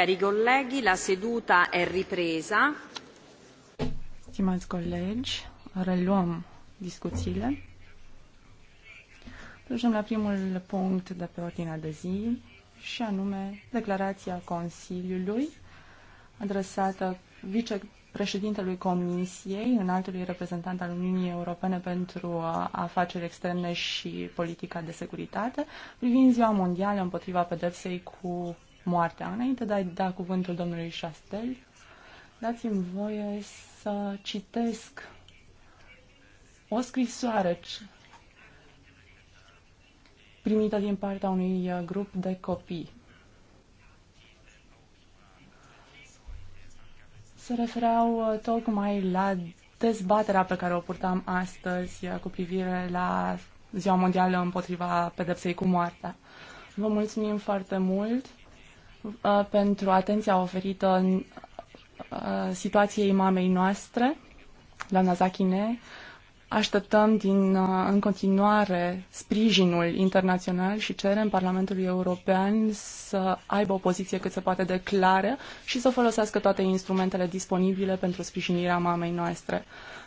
Cari colleghi, la seduta è ripresa. Stimați colegi, reluăm discuțiile. Trecem la primul punct de pe ordinea de zi și anume declarația Consiliului adresată vicepreședintelui Comisiei, înaltului reprezentant al Uniunii Europene pentru afaceri externe și politica de securitate, privind Ziua Mondială împotriva pedepsei cu moartea. Înainte de a da cuvântul domnului Șastel, dați-mi voie să citesc o scrisoare primită din partea unui uh, grup de copii. Se refereau uh, tocmai la dezbaterea pe care o purtam astăzi uh, cu privire la Ziua Mondială împotriva pedepsei cu moartea. Vă mulțumim foarte mult Uh, pentru atenția oferită în uh, situației mamei noastre, doamna Zachine. Așteptăm din, uh, în continuare sprijinul internațional și cerem Parlamentului European să aibă o poziție cât se poate de clară și să folosească toate instrumentele disponibile pentru sprijinirea mamei noastre.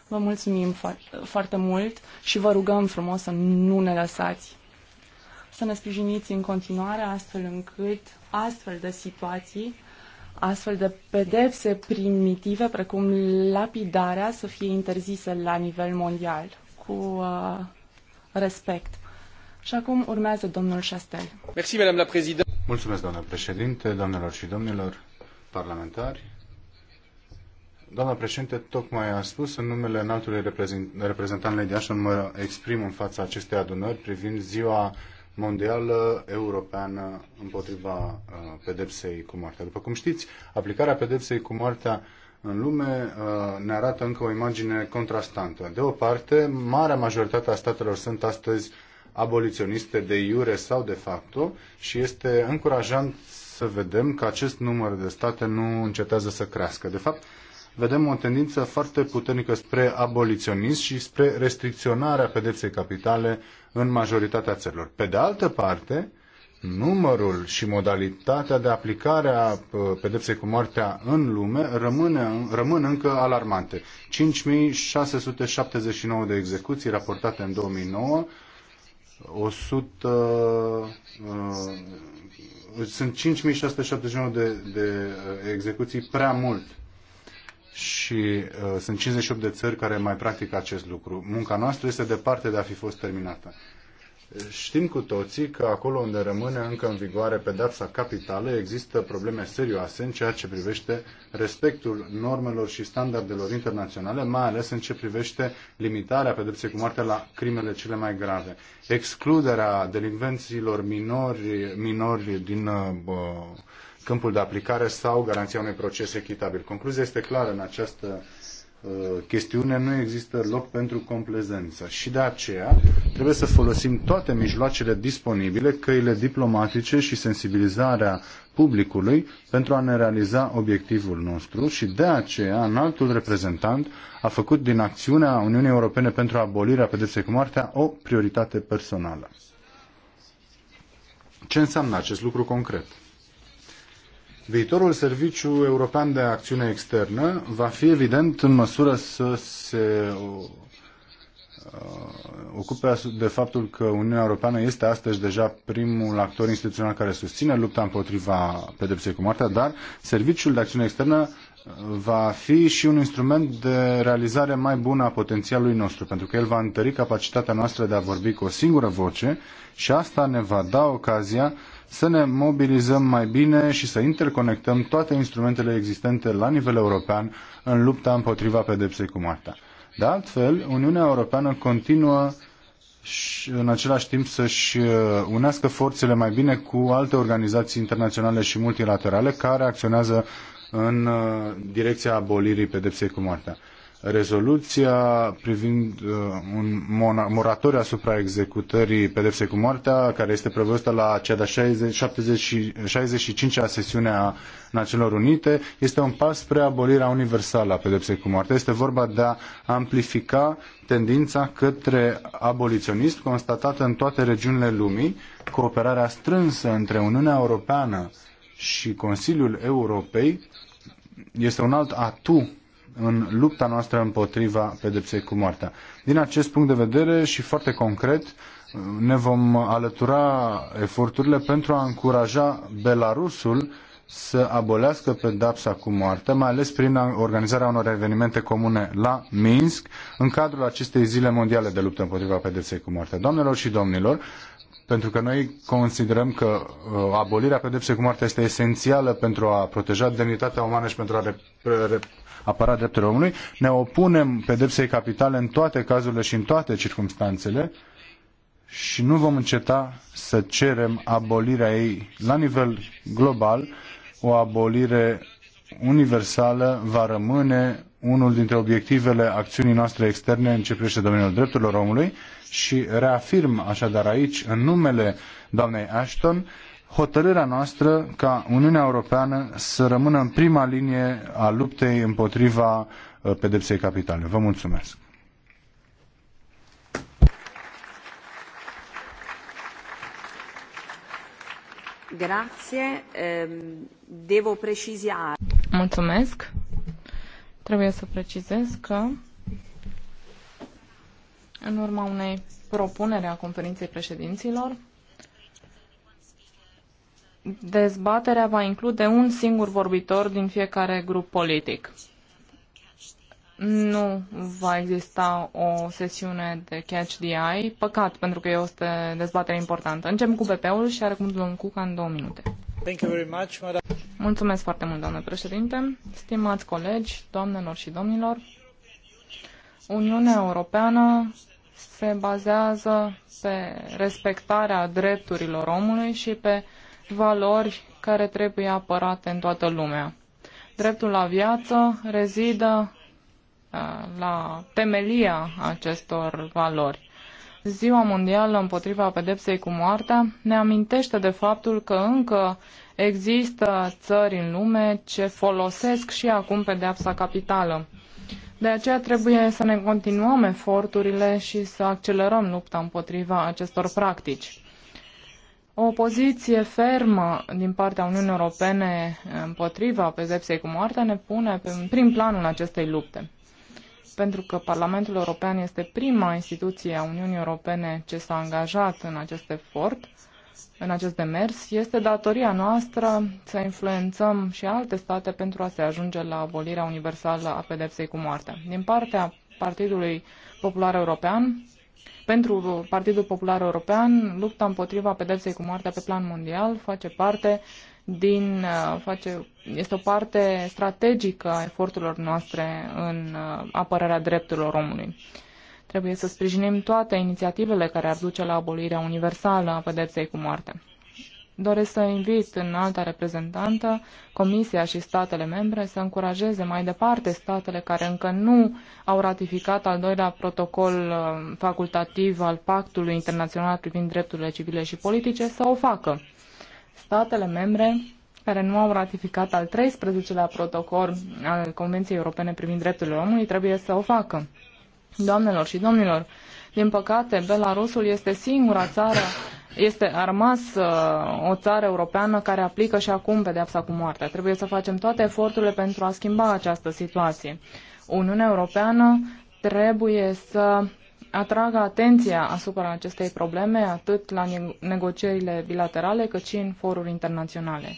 Vă mulțumim fo- foarte mult și vă rugăm frumos să nu ne lăsați. Să ne sprijiniți în continuare astfel încât astfel de situații, astfel de pedepse primitive, precum lapidarea, să fie interzise la nivel mondial, cu uh, respect. Și acum urmează domnul Chastel. Merci, madame la Mulțumesc, doamnă președinte, doamnelor și domnilor parlamentari. Doamna președinte, tocmai a spus, în numele înaltului reprezentant Lady Ashton mă exprim în fața acestei adunări privind ziua mondială europeană împotriva uh, pedepsei cu moartea. După cum știți, aplicarea pedepsei cu moartea în lume uh, ne arată încă o imagine contrastantă. De o parte, marea majoritate a statelor sunt astăzi aboliționiste de iure sau de facto și este încurajant să vedem că acest număr de state nu încetează să crească. De fapt, vedem o tendință foarte puternică spre aboliționism și spre restricționarea pedepsei capitale în majoritatea țărilor. Pe de altă parte, numărul și modalitatea de aplicare a uh, pedepsei cu moartea în lume rămâne, rămân încă alarmante. 5.679 de execuții raportate în 2009, 100, uh, uh, sunt 5.679 de, de uh, execuții prea mult și uh, sunt 58 de țări care mai practică acest lucru. Munca noastră este departe de a fi fost terminată. Știm cu toții că acolo unde rămâne încă în vigoare pedapsa capitală există probleme serioase în ceea ce privește respectul normelor și standardelor internaționale, mai ales în ce privește limitarea pedepsei cu moartea la crimele cele mai grave. Excluderea delinvenților minori, minori din uh, câmpul de aplicare sau garanția unui proces echitabil. Concluzia este clară în această uh, chestiune, nu există loc pentru complezență și de aceea trebuie să folosim toate mijloacele disponibile, căile diplomatice și sensibilizarea publicului pentru a ne realiza obiectivul nostru și de aceea altul reprezentant a făcut din acțiunea Uniunii Europene pentru abolirea pedepsei cu moartea o prioritate personală. Ce înseamnă acest lucru concret? Viitorul Serviciu European de Acțiune Externă va fi evident în măsură să se uh, ocupe de faptul că Uniunea Europeană este astăzi deja primul actor instituțional care susține lupta împotriva pedepsei cu moartea, dar Serviciul de Acțiune Externă uh, va fi și un instrument de realizare mai bună a potențialului nostru, pentru că el va întări capacitatea noastră de a vorbi cu o singură voce și asta ne va da ocazia să ne mobilizăm mai bine și să interconectăm toate instrumentele existente la nivel european în lupta împotriva pedepsei cu moartea. De altfel, Uniunea Europeană continuă și în același timp să-și uh, unească forțele mai bine cu alte organizații internaționale și multilaterale care acționează în uh, direcția abolirii pedepsei cu moartea rezoluția privind uh, un moratoriu asupra executării pedepsei cu moartea, care este prevăzută la cea de-a 65-a sesiune a Națiunilor Unite, este un pas spre abolirea universală a pedepsei cu moartea. Este vorba de a amplifica tendința către aboliționism constatată în toate regiunile lumii, cooperarea strânsă între Uniunea Europeană și Consiliul Europei este un alt atu în lupta noastră împotriva pedepsei cu moartea. Din acest punct de vedere și foarte concret, ne vom alătura eforturile pentru a încuraja Belarusul să abolească pedapsa cu moartea, mai ales prin organizarea unor evenimente comune la Minsk, în cadrul acestei zile mondiale de luptă împotriva pedepsei cu moartea. Doamnelor și domnilor, pentru că noi considerăm că uh, abolirea pedepsei cu moartea este esențială pentru a proteja demnitatea umană și pentru a apăra drepturile omului, ne opunem pedepsei capitale în toate cazurile și în toate circumstanțele și nu vom înceta să cerem abolirea ei la nivel global. O abolire universală va rămâne unul dintre obiectivele acțiunii noastre externe în ce privește domeniul drepturilor omului și reafirm așadar aici, în numele doamnei Ashton, hotărârea noastră ca Uniunea Europeană să rămână în prima linie a luptei împotriva uh, pedepsei capitale. Vă mulțumesc! Grazie. Ehm, devo precizare. Mulțumesc. Trebuie să precizez că în urma unei propunere a conferinței președinților, dezbaterea va include un singur vorbitor din fiecare grup politic. Nu va exista o sesiune de Catch the Eye. Păcat, pentru că este o dezbatere importantă. Începem cu BP-ul și are cum domnul Cuca în două minute. Mulțumesc foarte mult, doamnă președinte. Stimați colegi, doamnelor și domnilor, Uniunea Europeană se bazează pe respectarea drepturilor omului și pe valori care trebuie apărate în toată lumea. Dreptul la viață rezidă uh, la temelia acestor valori. Ziua Mondială împotriva pedepsei cu moartea ne amintește de faptul că încă există țări în lume ce folosesc și acum pedepsa capitală. De aceea trebuie să ne continuăm eforturile și să accelerăm lupta împotriva acestor practici. O poziție fermă din partea Uniunii Europene împotriva pedepsei cu moartea ne pune prin planul acestei lupte pentru că Parlamentul European este prima instituție a Uniunii Europene ce s-a angajat în acest efort, în acest demers, este datoria noastră să influențăm și alte state pentru a se ajunge la abolirea universală a pedepsei cu moartea. Din partea Partidului Popular European, pentru Partidul Popular European, lupta împotriva pedepsei cu moartea pe plan mondial face parte din uh, face, este o parte strategică a eforturilor noastre în uh, apărarea drepturilor omului. Trebuie să sprijinim toate inițiativele care ar duce la abolirea universală a pedepsei cu moarte. Doresc să invit în alta reprezentantă Comisia și statele membre să încurajeze mai departe statele care încă nu au ratificat al doilea protocol uh, facultativ al Pactului Internațional privind drepturile civile și politice să o facă statele membre care nu au ratificat al 13-lea protocol al Convenției Europene privind drepturile omului trebuie să o facă. Doamnelor și domnilor, din păcate, Belarusul este singura țară, este a rămas uh, o țară europeană care aplică și acum pedeapsa cu moartea. Trebuie să facem toate eforturile pentru a schimba această situație. Uniunea Europeană trebuie să atrag atenția asupra acestei probleme atât la negocierile bilaterale cât și în foruri internaționale.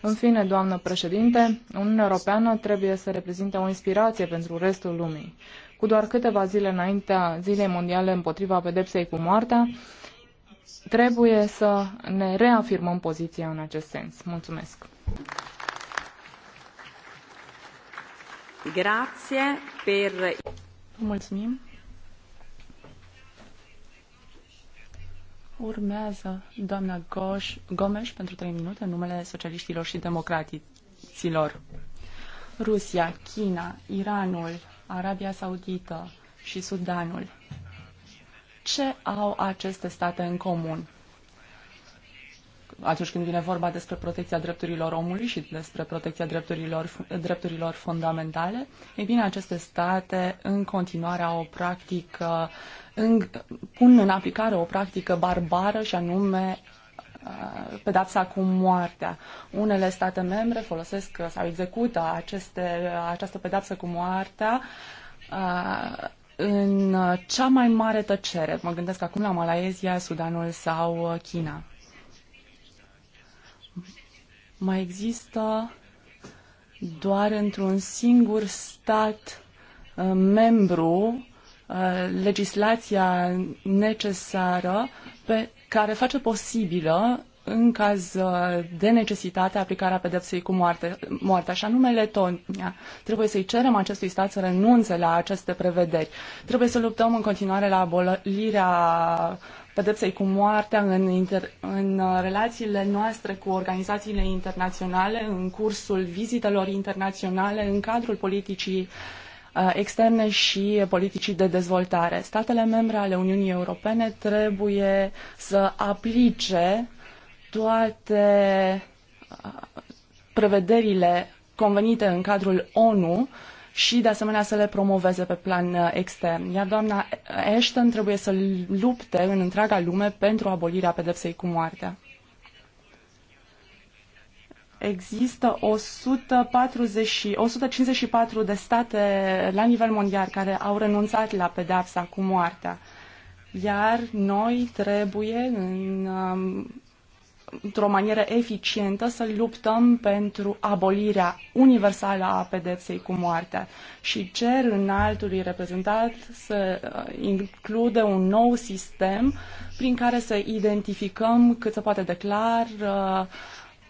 În fine, doamnă președinte, Uniunea Europeană trebuie să reprezinte o inspirație pentru restul lumii. Cu doar câteva zile înaintea Zilei Mondiale împotriva pedepsei cu moartea, trebuie să ne reafirmăm poziția în acest sens. Mulțumesc! Grazie per... Mulțumim! Urmează doamna Goș, Gomes pentru 3 minute în numele socialiștilor și democratiților. Rusia, China, Iranul, Arabia Saudită și Sudanul. Ce au aceste state în comun? atunci când vine vorba despre protecția drepturilor omului și despre protecția drepturilor, drepturilor fundamentale, ei bine, aceste state în continuare au o practică, în, pun în aplicare o practică barbară și anume pedapsa cu moartea. Unele state membre folosesc sau execută aceste, această pedapsă cu moartea în cea mai mare tăcere. Mă gândesc acum la Malaezia, Sudanul sau China mai există doar într-un singur stat uh, membru uh, legislația necesară pe care face posibilă în caz uh, de necesitate, aplicarea pedepsei cu moarte, moartea, și anume Letonia. Trebuie să-i cerem acestui stat să renunțe la aceste prevederi. Trebuie să luptăm în continuare la abolirea pedepsei cu moartea în, inter, în uh, relațiile noastre cu organizațiile internaționale, în cursul vizitelor internaționale, în cadrul politicii uh, externe și politicii de dezvoltare. Statele membre ale Uniunii Europene trebuie să aplice toate prevederile convenite în cadrul ONU și, de asemenea, să le promoveze pe plan uh, extern. Iar doamna Ashton trebuie să lupte în întreaga lume pentru abolirea pedepsei cu moartea. Există 140, 154 de state la nivel mondial care au renunțat la pedepsa cu moartea. Iar noi trebuie în um, într-o manieră eficientă să luptăm pentru abolirea universală a pedepsei cu moartea și cer înaltului reprezentat să uh, include un nou sistem prin care să identificăm cât se poate declar uh,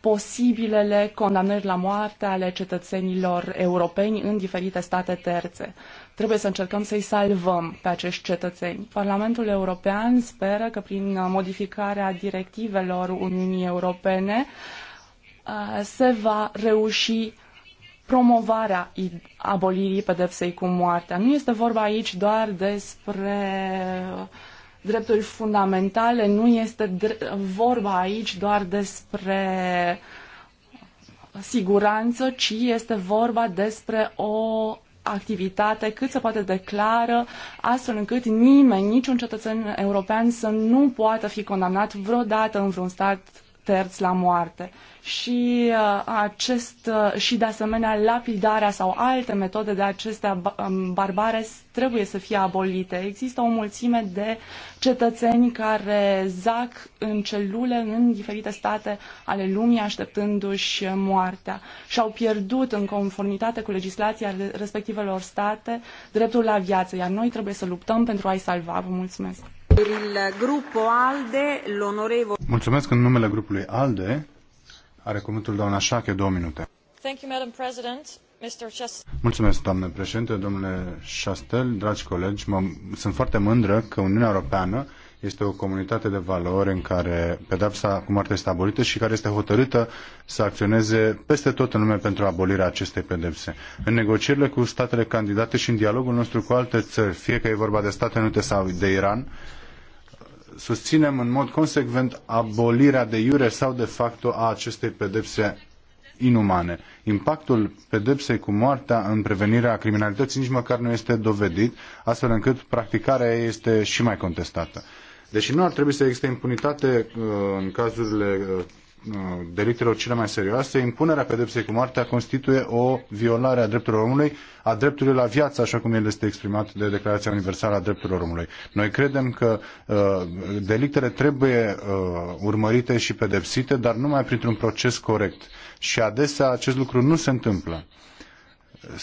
posibilele condamnări la moarte ale cetățenilor europeni în diferite state terțe. Trebuie să încercăm să-i salvăm pe acești cetățeni. Parlamentul European speră că prin modificarea directivelor Uniunii Europene se va reuși promovarea abolirii pedepsei cu moartea. Nu este vorba aici doar despre drepturi fundamentale, nu este vorba aici doar despre siguranță, ci este vorba despre o activitate cât se poate declară, astfel încât nimeni, niciun cetățen european să nu poată fi condamnat vreodată în vreun stat terți la moarte și uh, acest uh, și de asemenea lapidarea sau alte metode de acestea um, barbare trebuie să fie abolite. Există o mulțime de cetățeni care zac în celule în diferite state ale lumii așteptându-și moartea și au pierdut în conformitate cu legislația respectivelor state dreptul la viață, iar noi trebuie să luptăm pentru a-i salva. Vă mulțumesc! Mulțumesc în numele grupului ALDE. Are cuvântul doamna Șache, două minute. Mulțumesc, doamnă președinte, domnule Șastel, dragi colegi. Mă, sunt foarte mândră că Uniunea Europeană este o comunitate de valori în care pedapsa cu moarte este abolită și care este hotărâtă să acționeze peste tot în lume pentru abolirea acestei pedepse. În negocierile cu statele candidate și în dialogul nostru cu alte țări, fie că e vorba de Statele Unite sau de Iran, susținem în mod consecvent abolirea de iure sau de facto a acestei pedepse inumane. Impactul pedepsei cu moartea în prevenirea criminalității nici măcar nu este dovedit, astfel încât practicarea ei este și mai contestată. Deși nu ar trebui să existe impunitate uh, în cazurile uh, uh, delictelor cele mai serioase, impunerea pedepsei cu moartea constituie o violare a drepturilor omului, a dreptului la viață, așa cum el este exprimat de Declarația Universală a Drepturilor Omului. Noi credem că uh, delictele trebuie uh, urmărite și pedepsite, dar numai printr-un proces corect. Și adesea acest lucru nu se întâmplă.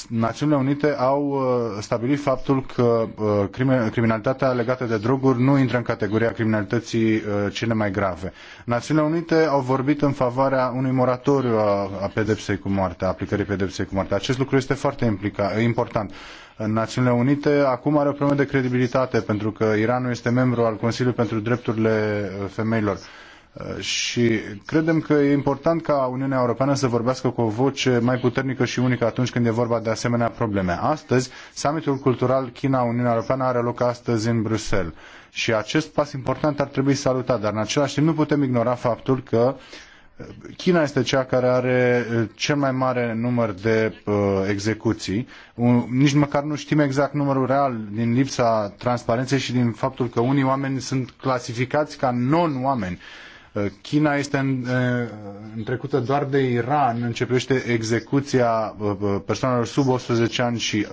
Națiunile Unite au uh, stabilit faptul că uh, criminalitatea legată de droguri nu intră în categoria criminalității uh, cele mai grave. Națiunile Unite au vorbit în favoarea unui moratoriu a pedepsei cu moartea, aplicării pedepsei cu moartea. Acest lucru este foarte implica, important. Națiunile Unite acum are o problemă de credibilitate pentru că Iranul este membru al Consiliului pentru Drepturile Femeilor. Uh, și credem că e important ca Uniunea Europeană să vorbească cu o voce mai puternică și unică atunci când e vorba de asemenea probleme. Astăzi, summitul cultural China-Uniunea Europeană are loc astăzi în Bruxelles și acest pas important ar trebui salutat, dar în același timp nu putem ignora faptul că uh, China este cea care are uh, cel mai mare număr de uh, execuții. nici măcar nu știm exact numărul real din lipsa transparenței și din faptul că unii oameni sunt clasificați ca non-oameni. Uh, China este întrecută doar de Iran în ce execuția persoanelor sub 18 ani și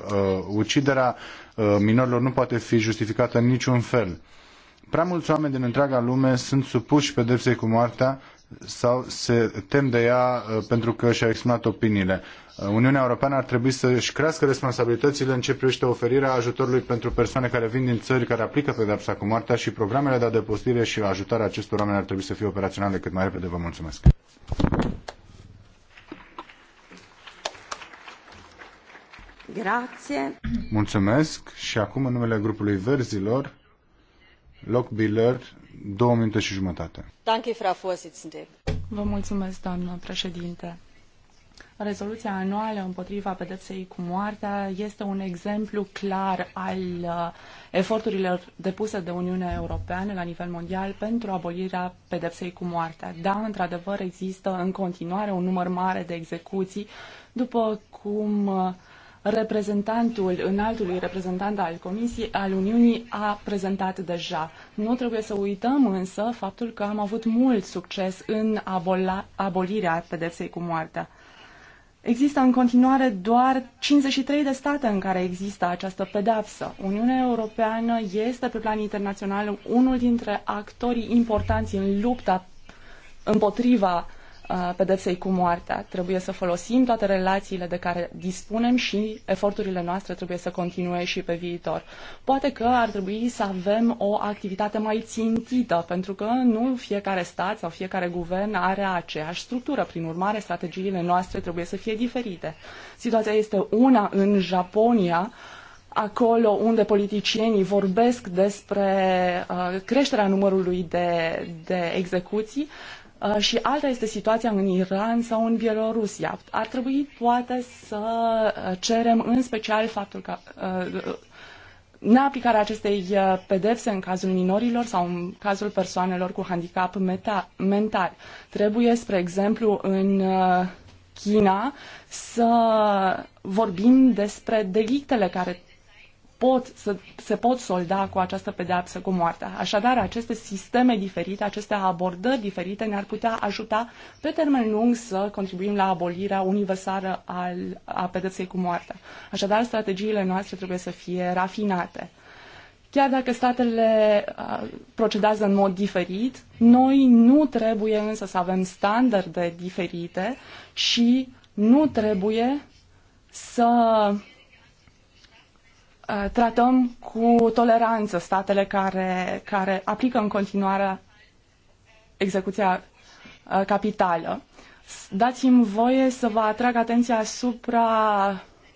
uciderea minorilor nu poate fi justificată în niciun fel. Prea mulți oameni din întreaga lume sunt supuși pedepsei cu moartea sau se tem de ea uh, pentru că și-a exprimat opiniile. Uh, Uniunea Europeană ar trebui să-și crească responsabilitățile în ce privește oferirea ajutorului pentru persoane care vin din țări care aplică pedepsa cu moartea și programele de adăpostire și ajutarea acestor oameni ar trebui să fie operaționale cât mai repede. Vă mulțumesc! Grație. Mulțumesc și acum în numele grupului Verzilor, Lockbiller, Două minute și jumătate. Vă mulțumesc, președinte. Rezoluția anuală împotriva pedepsei cu moartea este un exemplu clar al uh, eforturilor depuse de Uniunea Europeană la nivel mondial pentru abolirea pedepsei cu moartea. Da, într-adevăr, există în continuare un număr mare de execuții, după cum uh, reprezentantul, înaltului reprezentant al Comisiei, al Uniunii, a prezentat deja. Nu trebuie să uităm însă faptul că am avut mult succes în abola, abolirea pedepsei cu moartea. Există în continuare doar 53 de state în care există această pedapsă. Uniunea Europeană este pe plan internațional unul dintre actorii importanți în lupta împotriva uh, pedepsei cu moartea. Trebuie să folosim toate relațiile de care dispunem și eforturile noastre trebuie să continue și pe viitor. Poate că ar trebui să avem o activitate mai țintită, pentru că nu fiecare stat sau fiecare guvern are aceeași structură. Prin urmare, strategiile noastre trebuie să fie diferite. Situația este una în Japonia, acolo unde politicienii vorbesc despre uh, creșterea numărului de, de execuții, Uh, și alta este situația în Iran sau în Bielorusia. Ar trebui poate să uh, cerem în special faptul că uh, neaplicarea acestei pedepse în cazul minorilor sau în cazul persoanelor cu handicap mental. Trebuie, spre exemplu, în China să vorbim despre delictele care pot, să, se pot solda cu această pedeapsă cu moartea. Așadar, aceste sisteme diferite, aceste abordări diferite ne-ar putea ajuta pe termen lung să contribuim la abolirea universală al, a pedepsei cu moartea. Așadar, strategiile noastre trebuie să fie rafinate. Chiar dacă statele procedează în mod diferit, noi nu trebuie însă să avem standarde diferite și nu trebuie să Eh, tratăm cu toleranță statele care, care aplică în continuare execuția eh, capitală. Dați-mi voie să vă atrag atenția asupra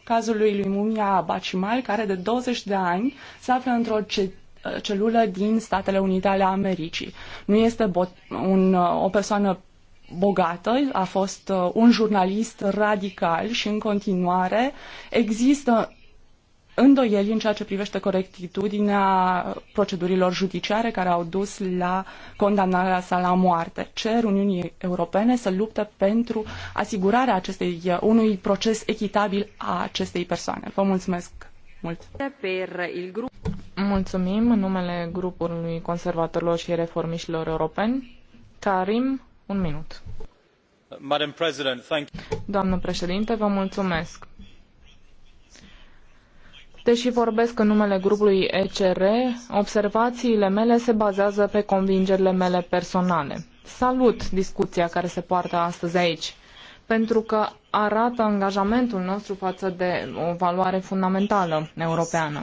cazului lui Mumia Bacimal, care de 20 de ani se află într-o eh, celulă din Statele Unite ale Americii. Nu este un, o persoană bogată, a fost un jurnalist radical și în continuare există îndoieli în ceea ce privește corectitudinea procedurilor judiciare care au dus la condamnarea sa la moarte. Cer Uniunii Europene să lupte pentru asigurarea acestei, unui proces echitabil a acestei persoane. Vă mulțumesc mult! Mulțumim în numele grupului conservatorilor și reformiștilor europeni. Karim, un minut. Doamnă președinte, vă mulțumesc Deși vorbesc în numele grupului ECR, observațiile mele se bazează pe convingerile mele personale. Salut discuția care se poartă astăzi aici, pentru că arată angajamentul nostru față de o valoare fundamentală europeană.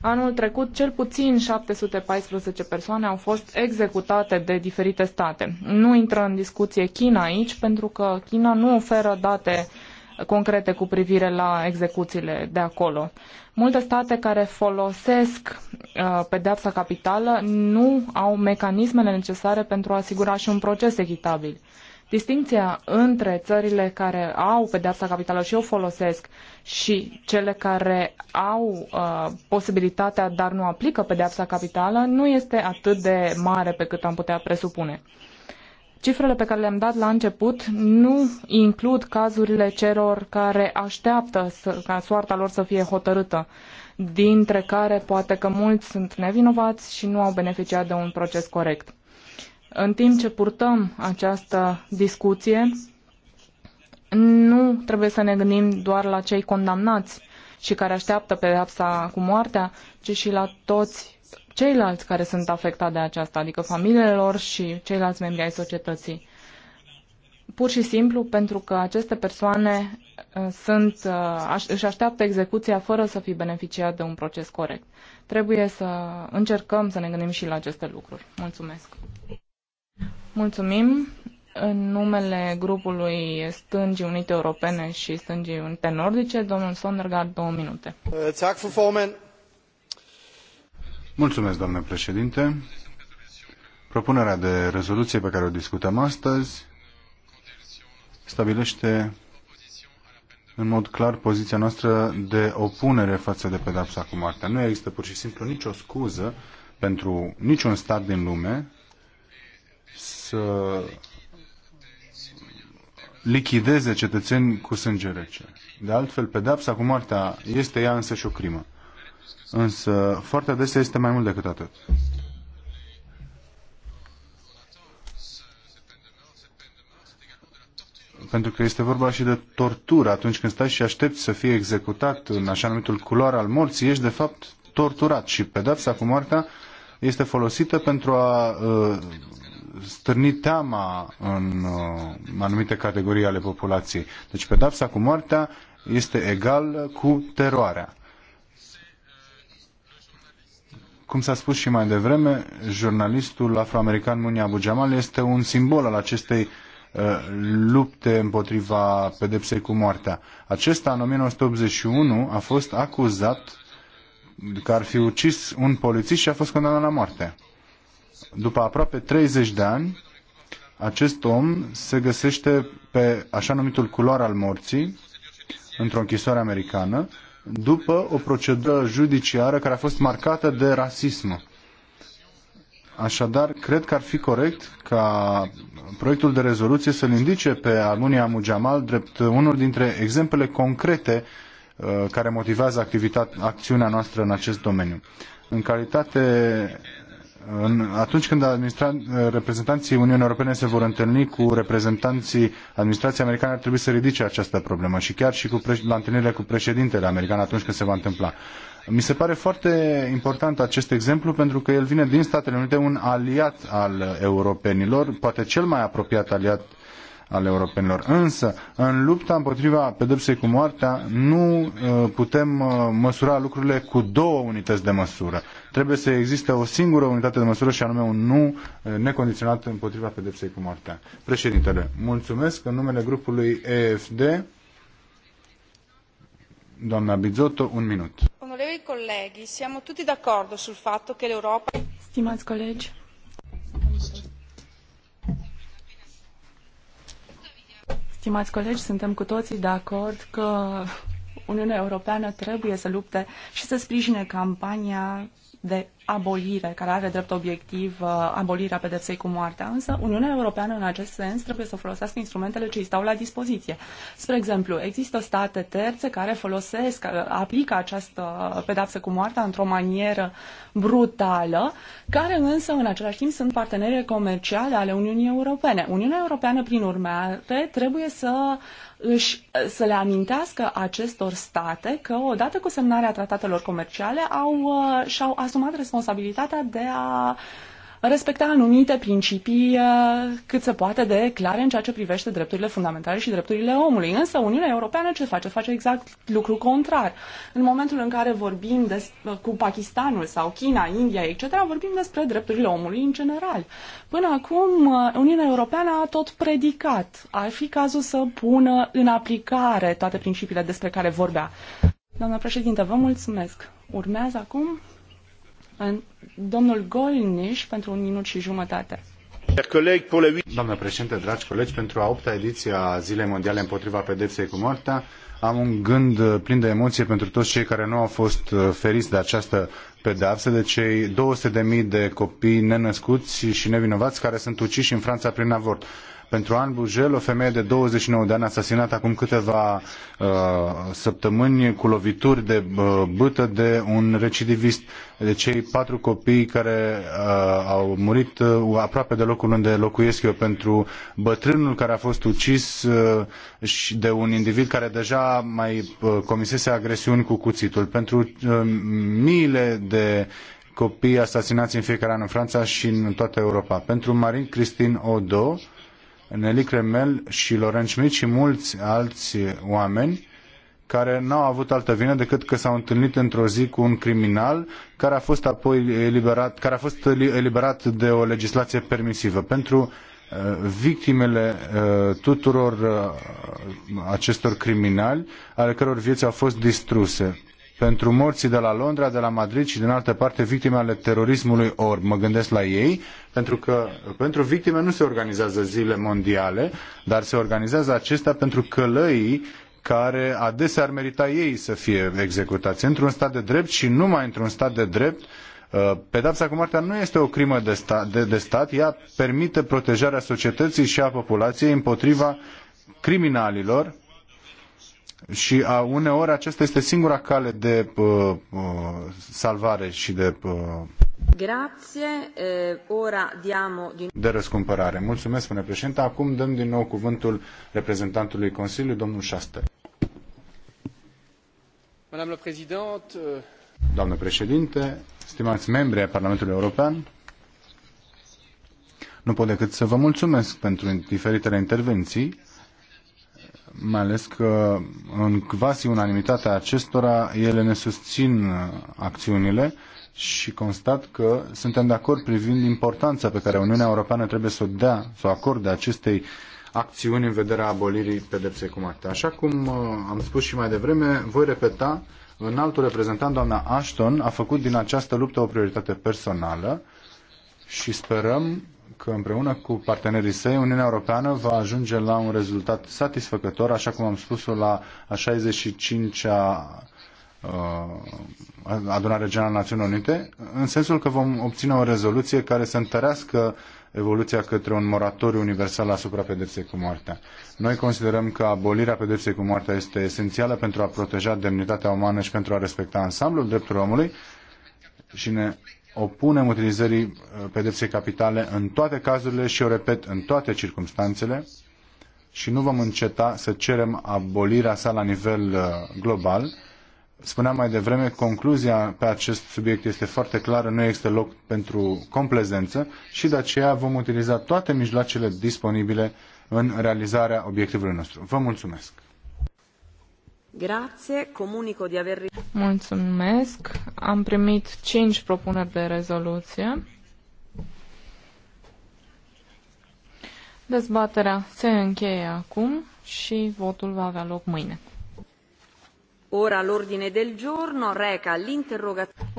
Anul trecut, cel puțin 714 persoane au fost executate de diferite state. Nu intră în discuție China aici, pentru că China nu oferă date uh, concrete cu privire la execuțiile de acolo. Multe state care folosesc uh, pedeapsa capitală nu au mecanismele necesare pentru a asigura și un proces echitabil. Distinția între țările care au pedeapsa capitală și o folosesc și cele care au uh, posibilitatea, dar nu aplică pedeapsa capitală, nu este atât de mare pe cât am putea presupune. Uh, Cifrele pe care le-am dat la început nu includ cazurile celor care așteaptă să, ca soarta lor să fie hotărâtă, dintre care poate că mulți sunt nevinovați și nu au beneficiat de un proces corect. În timp ce purtăm această discuție, nu trebuie să ne gândim doar la cei condamnați și care așteaptă pedeapsa cu moartea, ci și la toți ceilalți care sunt afectați de aceasta, adică lor și ceilalți membri ai societății. Pur și simplu pentru că aceste persoane uh, sunt, uh, își așteaptă execuția fără să fi beneficiat de un proces corect. Trebuie să încercăm să ne gândim și la aceste lucruri. Mulțumesc! Mulțumim! În numele grupului Stângii Unite Europene și Stângii Unite Nordice, domnul Sondergaard, două minute. Uh, Mulțumesc, doamnă președinte. Propunerea de rezoluție pe care o discutăm astăzi stabilește în mod clar poziția noastră de opunere față de pedapsa cu moartea. Nu există pur și simplu nicio scuză pentru niciun stat din lume să lichideze cetățeni cu sânge rece. De altfel, pedapsa cu moartea este ea însă și o crimă însă foarte adesea este mai mult decât atât. pentru că este vorba și de tortură. Atunci când stai și aștepți să fie executat în așa numitul culoar al morții, ești de fapt torturat și pedepsa cu moartea este folosită pentru a uh, stârni teama în uh, anumite categorii ale populației. Deci pedepsa cu moartea este egal cu teroarea. Cum s-a spus și mai devreme, jurnalistul afroamerican Munia Abu Jamal este un simbol al acestei uh, lupte împotriva pedepsei cu moartea. Acesta, în 1981, a fost acuzat că ar fi ucis un polițist și a fost condamnat la moarte. După aproape 30 de ani, acest om se găsește pe așa numitul culoar al morții, într-o închisoare americană, după o procedură judiciară care a fost marcată de rasism. Așadar, cred că ar fi corect ca proiectul de rezoluție să-l indice pe Armonia Mujamal drept unul dintre exemplele concrete uh, care motivează acțiunea noastră în acest domeniu. În calitate în, atunci când administra, reprezentanții Uniunii Europene se vor întâlni cu reprezentanții administrației americane, ar trebui să ridice această problemă și chiar și cu la întâlnirile cu președintele american atunci când se va întâmpla. Mi se pare foarte important acest exemplu pentru că el vine din Statele Unite, un aliat al europenilor, poate cel mai apropiat aliat uh, ale europenilor. Însă, în lupta împotriva pedepsei cu moartea, nu uh, putem uh, măsura lucrurile cu două unități de măsură. Trebuie să existe o singură unitate de măsură și anume un nu uh, necondiționat împotriva pedepsei cu moartea. Președintele, mulțumesc în numele grupului EFD. Doamna Bizotto, un minut. Onorevoli colegi, siamo tutti d'accordo sul fatto che l'Europa... Stimați colegi, Stimați colegi, suntem cu toții de acord că Uniunea Europeană trebuie să lupte și să sprijine campania de abolire, care are drept obiectiv uh, abolirea pedepsei cu moartea, însă Uniunea Europeană în acest sens trebuie să folosească instrumentele ce îi stau la dispoziție. Spre exemplu, există state terțe care folosesc, uh, aplică această pedepsă cu moartea într-o manieră brutală, care însă în același timp sunt partenere comerciale ale Uniunii Europene. Uniunea Europeană, prin urmare, trebuie să își, să le amintească acestor state că odată cu semnarea tratatelor comerciale au, uh, și-au asumat responsabilitatea responsabilitatea de a respecta anumite principii uh, cât se poate de clare în ceea ce privește drepturile fundamentale și drepturile omului. Însă Uniunea Europeană ce face? Face exact lucru contrar. În momentul în care vorbim des- uh, cu Pakistanul sau China, India, etc., vorbim despre drepturile omului în general. Până acum, uh, Uniunea Europeană a tot predicat. Ar fi cazul să pună în aplicare toate principiile despre care vorbea. Doamna președinte, vă mulțumesc. Urmează acum domnul Golniș pentru un minut și jumătate. Doamnă președinte, dragi colegi, pentru a opta ediție a Zilei Mondiale împotriva pedepsei cu moartea, am un gând uh, plin de emoție pentru toți cei care nu au fost uh, feriți de această pedeapsă, de cei 200.000 de copii nenăscuți și nevinovați care sunt uciși în Franța prin avort pentru Anne Bujel, o femeie de 29 de ani asasinată acum câteva uh, săptămâni cu lovituri de uh, bâtă de un recidivist, de cei patru copii care uh, au murit uh, aproape de locul unde locuiesc eu, pentru bătrânul care a fost ucis uh, și de un individ care deja mai uh, comisese agresiuni cu cuțitul, pentru uh, miile de copii asasinați în fiecare an în Franța și în toată Europa. Pentru Marin Christine Odo, Nelly Cremel și Lorenz Schmidt și mulți alți oameni care n-au avut altă vină decât că s-au întâlnit într-o zi cu un criminal care a fost apoi eliberat, care a fost eliberat de o legislație permisivă. Pentru uh, victimele uh, tuturor uh, acestor criminali, ale căror vieți au fost distruse pentru morții de la Londra, de la Madrid și din altă parte victime ale terorismului orb. Mă gândesc la ei, pentru că pentru victime nu se organizează zile mondiale, dar se organizează acestea pentru călăii care adesea ar merita ei să fie executați într-un stat de drept și numai într-un stat de drept uh, Pedapsa cu moartea nu este o crimă de stat, de, de stat, ea permite protejarea societății și a populației împotriva criminalilor și a, uneori aceasta este singura cale de uh, uh salvare și de uh, uh, ora diamo din... de răscumpărare. Mulțumesc, domnule președinte. Acum dăm din nou cuvântul reprezentantului Consiliului, domnul Șaste. Madame uh, Doamnă președinte, stimați membri ai Parlamentului European, nu pot decât să vă mulțumesc pentru diferitele intervenții mai ales că în quasi unanimitatea acestora ele ne susțin uh, acțiunile și constat că suntem de acord privind importanța pe care Uniunea Europeană trebuie să o dea, să o acorde acestei acțiuni în vederea abolirii pedepsei cu moartea. Așa cum uh, am spus și mai devreme, voi repeta, în altul reprezentant, doamna Ashton, a făcut din această luptă o prioritate personală și sperăm că împreună cu partenerii săi, Uniunea Europeană va ajunge la un rezultat satisfăcător, așa cum am spus-o la a 65-a uh, adunare generală a Națiunilor Unite, în sensul că vom obține o rezoluție care să întărească evoluția către un moratoriu universal asupra pedepsei cu moartea. Noi considerăm că abolirea pedepsei cu moartea este esențială pentru a proteja demnitatea umană și pentru a respecta ansamblul drepturilor omului și ne opunem utilizării uh, pedepsei capitale în toate cazurile și, o repet, în toate circumstanțele și nu vom înceta să cerem abolirea sa la nivel uh, global. Spuneam mai devreme, concluzia pe acest subiect este foarte clară, nu există loc pentru complezență și de aceea vom utiliza toate mijloacele disponibile în realizarea obiectivului nostru. Vă mulțumesc! Grazie, comunico di aver... Mulțumesc. Am primit cinci propuneri de rezoluție. Dezbaterea se încheie acum și votul va avea loc mâine. Ora l'ordine del giorno reca l'interrogazione